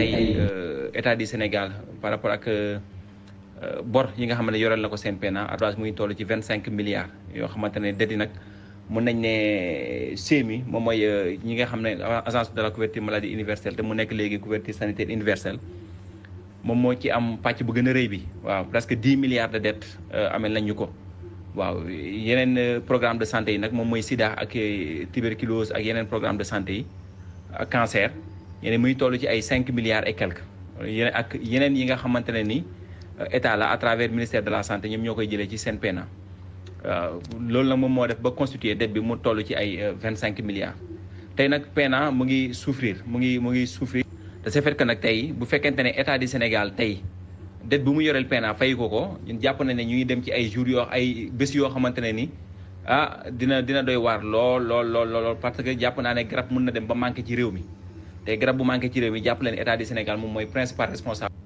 tey euh, état du Sénégal par rapport ak euh, bor yi nga xam ne yoreel na ko CNPNA Adoas mu ngi toll ci vingt cinq milliards yoo xamante ne dettes yi nag mun nañ ne CMU moom mooy euh, ñi nga xam ne agence de la couverture maladie universelle te mu nekk léegi couverture sanitaire universelle moom moo ci am pàcc bu gën a rëy bi waaw presque dix milliards de dettes amel nañ ñu ko waaw yeneen programme de santé yi nag moom mooy sida ak tuberculose ak yeneen programme de santé yi ak yeneen muy toll ci ay cinq milliards et quelque yeneen ak yeneen yi nga xamante ne ni euh, état la à travers ministère de la santé ñoom ñoo koy jëlee ci seen PNA euh, loolu nag moom moo def ba constituer dette bi mu toll ci ay euh, vingt cinq milliards tey nag PNA mu ngi souffrir mu ngi mu ngi souffrir de ce fait que nag tey bu fekkente ne état di Sénégal tey dette bu mu yoreel PNA fay ko ko ñun jàpp na ne ñu ngi dem ci ay jours yoo ay bés yoo xamante ne ni ah dina dina doy waar lool lool lool lool que jàpp naa ne garab mën na dem ba manqué ci réew mi te garab bu manqué ci réew mi jàpp leen état du principal responsable